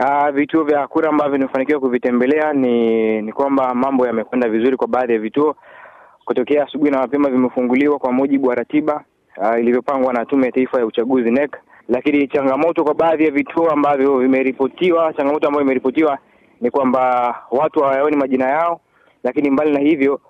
Uh, vituo vya kura ambavyo nimefanikiwa kuvitembelea ni ni kwamba mambo yamekwenda vizuri kwa baadhi ya vituo. Kutokea asubuhi na mapema vimefunguliwa kwa mujibu wa ratiba uh, ilivyopangwa na Tume ya Taifa ya Uchaguzi NEC, lakini changamoto kwa baadhi ya vituo ambavyo vimeripotiwa, changamoto ambayo imeripotiwa ni kwamba watu hawayaoni majina yao, lakini mbali na hivyo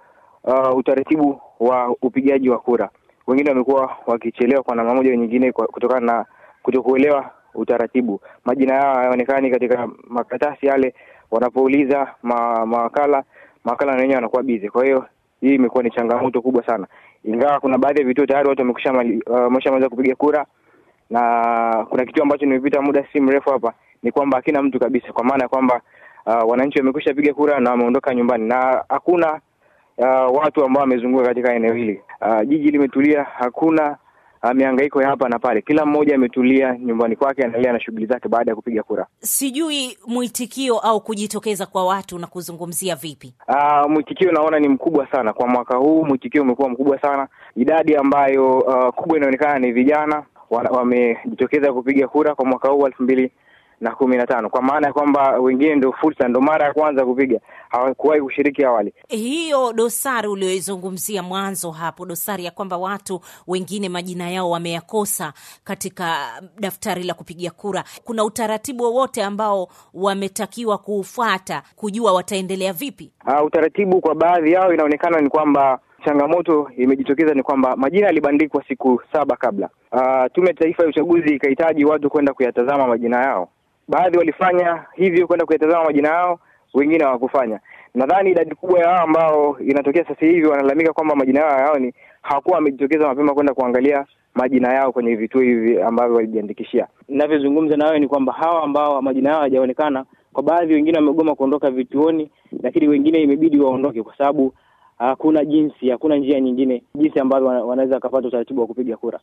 uh, utaratibu wa upigaji wa kura, wengine wamekuwa wakichelewa kwa namna moja nyingine kutokana na kutokuelewa utaratibu. Majina yao hayaonekani katika makaratasi yale, wanapouliza ma, mawakala mawakala na wenyewe wanakuwa bize. Kwa hiyo hii imekuwa ni changamoto kubwa sana, ingawa kuna baadhi ya vituo tayari watu uh, wameshamaliza uh, kupiga kura, na kuna kitu ambacho nimepita muda si mrefu hapa ni kwamba hakina mtu kabisa, kwa maana ya kwamba uh, wananchi wamekwisha piga kura na wameondoka nyumbani na hakuna uh, watu ambao wamezunguka katika eneo hili. Uh, jiji limetulia, hakuna mihangaiko ya hapa na pale. Kila mmoja ametulia nyumbani kwake, anaendelea na shughuli zake baada ya kupiga kura. Sijui mwitikio au kujitokeza kwa watu na kuzungumzia vipi? Aa, ah, mwitikio naona ni mkubwa sana kwa mwaka huu, mwitikio umekuwa mkubwa sana, idadi ambayo uh, kubwa inaonekana ni vijana wamejitokeza kupiga kura kwa mwaka huu elfu mbili na kumi na tano kwa maana ya kwamba wengine ndio fursa, ndio mara ya kwanza kupiga, hawakuwahi kushiriki awali. Hiyo dosari ulioizungumzia mwanzo hapo, dosari ya kwamba watu wengine majina yao wameyakosa katika daftari la kupiga kura, kuna utaratibu wowote ambao wametakiwa kuufuata kujua wataendelea vipi? Uh, utaratibu kwa baadhi yao inaonekana ni kwamba changamoto imejitokeza ni kwamba majina yalibandikwa siku saba kabla. Uh, Tume ya Taifa ya Uchaguzi ikahitaji watu kwenda kuyatazama majina yao baadhi walifanya hivyo kwenda kuyatazama majina yao, wengine hawakufanya. Nadhani idadi kubwa ya wao ambao inatokea sasa hivi wanalalamika kwamba majina yao hayaoni, hawakuwa wamejitokeza mapema kwenda kuangalia majina yao kwenye vituo hivi ambavyo walijiandikishia. Ninavyozungumza nayo ni kwamba hawa ambao majina yao hayajaonekana, kwa baadhi wengine wamegoma kuondoka vituoni, lakini wengine imebidi waondoke kwa sababu hakuna jinsi, hakuna njia nyingine jinsi ambavyo wanaweza wakapata utaratibu wa kupiga kura.